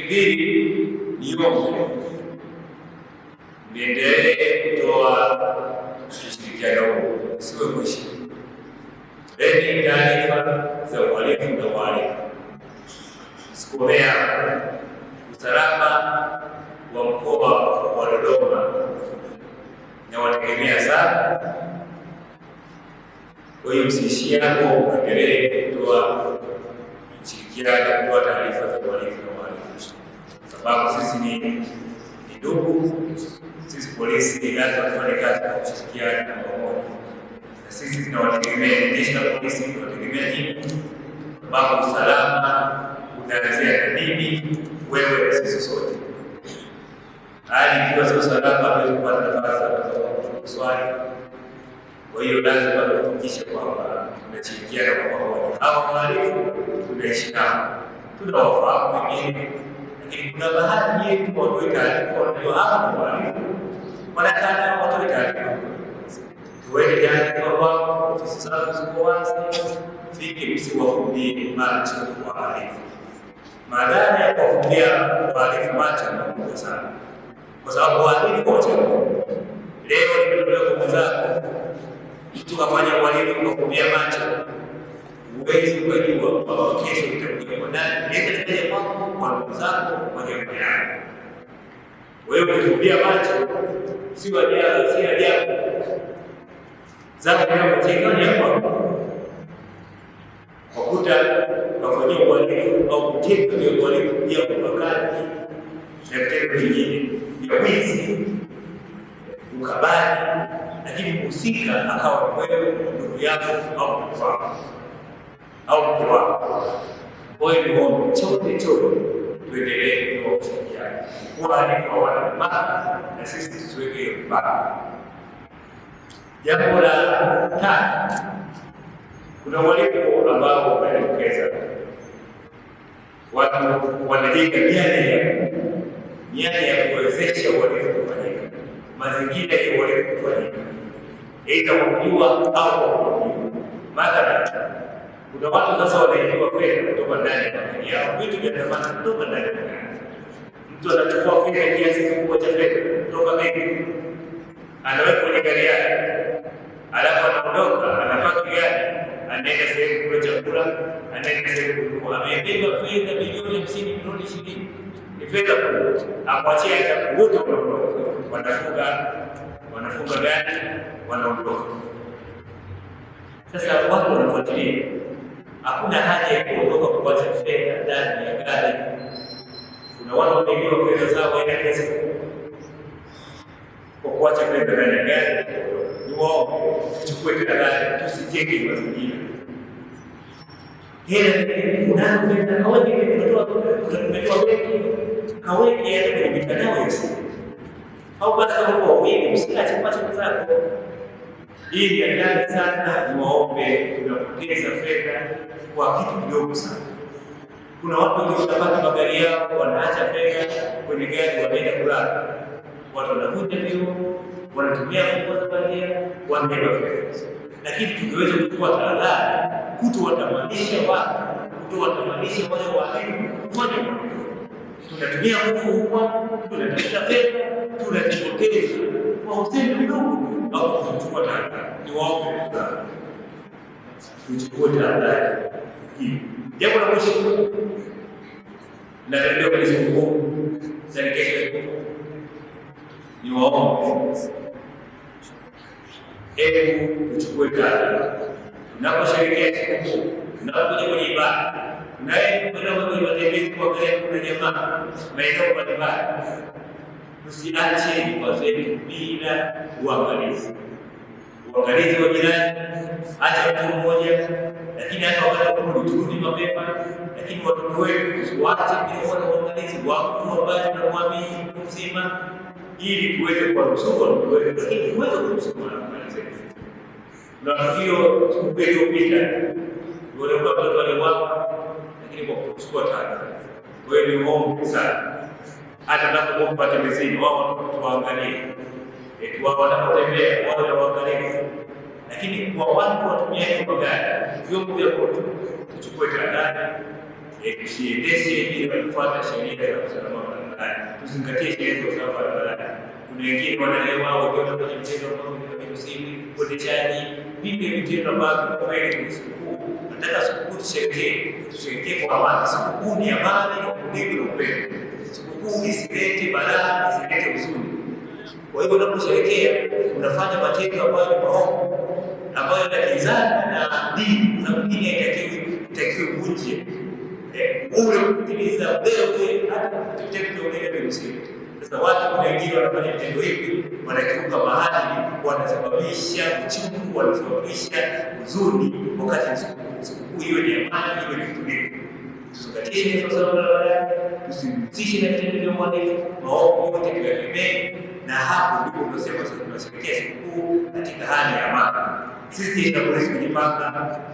Kibiri niombe niendelee kutoa ushirikiano huu, siwe mwisho. Leni taarifa za uhalifu na uhalifu, sikomea usalama wa mkoa wa Dodoma na wategemea sana. Kwa hiyo msiishi uendelee kutoa ushirikiano, kutoa taarifa za uhalifu sababu sisi ni ndugu. Sisi polisi lazima tufanye kazi kwa kushirikiana na pamoja, na sisi tunawategemea jeshi la polisi, tunawategemea nyinyi, ambapo usalama unaanzia na mimi, wewe na sisi sote. Hali ikiwa sio salama, hatuwezi kupata nafasi ya kuswali. Kwa hiyo lazima tuhakikishe kwamba tunashirikiana kwa pamoja. Hawa wahalifu tunaishi nao, tunawafahamu wengine lakini kuna baadhi yetu watoe taarifa wanayohapa wahalifu wanataka watoe taarifa. Tuweke taarifa kwamba ofisi zao ziko wazi, fike msiwafumbie macho wahalifu. Madhara ya kuwafumbia wahalifu macho ni kubwa sana, kwa sababu wahalifu wachagua. Leo nimetolea nguvu zako, mtu kafanya uhalifu, kafumbia macho huwezi kujua kwamba kesho itakuja kwa nani, inaweza kuja kwako, kwa ndugu zako, kwa jambo yako. Wewe ukifumbia macho, si ajabu, si ajabu zako zinapotika ni kwako, kwa kuta kufanyia uhalifu au kutenda uhalifu, pia ubakaji na vitendo vingine vya wizi, ukabali, lakini mhusika akawa wewe, ndugu yako au mtu wako au kiwango. Kwa hiyo ni ombi chote chote, tuendelee kutoa ushirikiano, kwani kwa wana Maka na sisi tusiweke mpaka. Jambo la tatu, kuna mwaliko ambao umetokeza watu wanajenga mianya ya mianya ya kuwezesha uhalifu kufanyika, mazingira ya uhalifu kufanyika, aidha kwa kujua au kujua. Mathalan kuna watu sasa wanaibiwa fedha kutoka ndani ya mali yao, vitu vya thamani kutoka ndani ya mali. Mtu anachukua fedha kiasi kikubwa cha fedha kutoka benki, anaweka kwenye gari yake, alafu anaondoka, anapaki gari, anaenda sehemu kula chakula, anaenda sehemu kununua. Amebeba fedha milioni hamsini, milioni ishirini, ni fedha kubwa, Akwachia hata wote wanaondoka, wanafunga wanafunga gari, wanaondoka. Sasa watu wanafuatilia Hakuna haja ya kuondoka kuacha fedha ndani ya gari. Kuna watu wameibiwa fedha zao hela kiasi kwa kuacha fedha ndani ya gari. Ni wao tuchukue tena gari, tusijenge mazingira. Hela benki, kaweke kwenye mitandao ya simu au basi, kama kwa wingi, zako hii ni hatari sana, niwaombe. Tunapoteza fedha kwa kitu kidogo sana. Kuna watu wakishapata magari yao wanaacha fedha kwenye gari, wanaenda kulala. Watu wanakuja vio wanatumia funguo za bandia, wanabeba fedha. Lakini tukiweza kuchukua tahadhari, kutowatamanisha watu, kutowatamanisha wale wahalifu kufanya Tunatumia nguvu kubwa, tunatafuta fedha, tunajipoteza kwa usemi niwaombe uchukue tahadhari hii. Jambo la mwisho, nakaribia kwenye sikukuu za kesho, niwaombe hebu uchukue tahadhari unaposherehekea sikukuu, unapokuja kwenye ibada naye uangalizi wa jirani, acha mtu mmoja, lakini hata wakati Mungu turudi mapema, lakini watoto wetu tusiwaache bila uangalizi wa mtu ambaye tunamwamini mzima, ili tuweze kuwamsoma mtu wetu, lakini tuweze kumsoma na zetu. Na hiyo siku iliyopita wale watoto waliwapa, lakini kwa kuchukua tahadhari. Wewe ni mwongo sana, hata napokuwa mpate mezini wao tuwaangalie, eti wao wanapotembea wao waangalie lakini kwa watu watumia hiyo magari, vyombo vya moto tuchukue tahadhari, tusiendeshe ili wafuata sheria ya usalama wa barabarani, tuzingatie sheria za usalama wa barabarani. Kuna wengine wanalewa wakienda kwenye mchezo wa misimu, uendeshaji, vipi vitendo ambavyo kwa kweli ni sikukuu, nataka sikukuu tusherekee, tusherekee kwa amani. Sikukuu ni amani, utulivu na upendo. Sikukuu isilete balaa, isilete huzuni. Kwa hiyo unaposherekea unafanya matendo ambayo ni maovu ambayo inakinzana na dini, sababu dini haitakiwi uvunje eh, ule kutimiza wewe, hata vitendo vya ulevi vimesema. Sasa watu kuna wengine wanafanya vitendo hivi, wanakiuka mahali, wanasababisha uchungu, wanasababisha huzuni, wakati sikukuu hiyo ni amani, hiyo ni utulivu. Tusingatie sasa barabara, tusihusishe na vitendo vya uhalifu, maovu yote tuyakemee, na hapo ndipo tunasema tunasherekea sikukuu katika hali ya amani. Sisi na polisi kujipanga,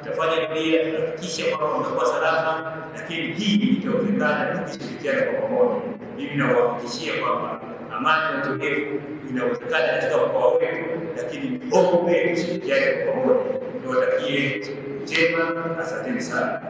tutafanya pia, tutahakikisha kwamba unakuwa salama, lakini hii itawezekana tukishirikiana kwa pamoja. Mimi nawahakikishia kwamba amani na utulivu inawezekana katika mkoa wetu, lakini ombe tushirikiane kwa pamoja. Niwatakie njema, asanteni sana.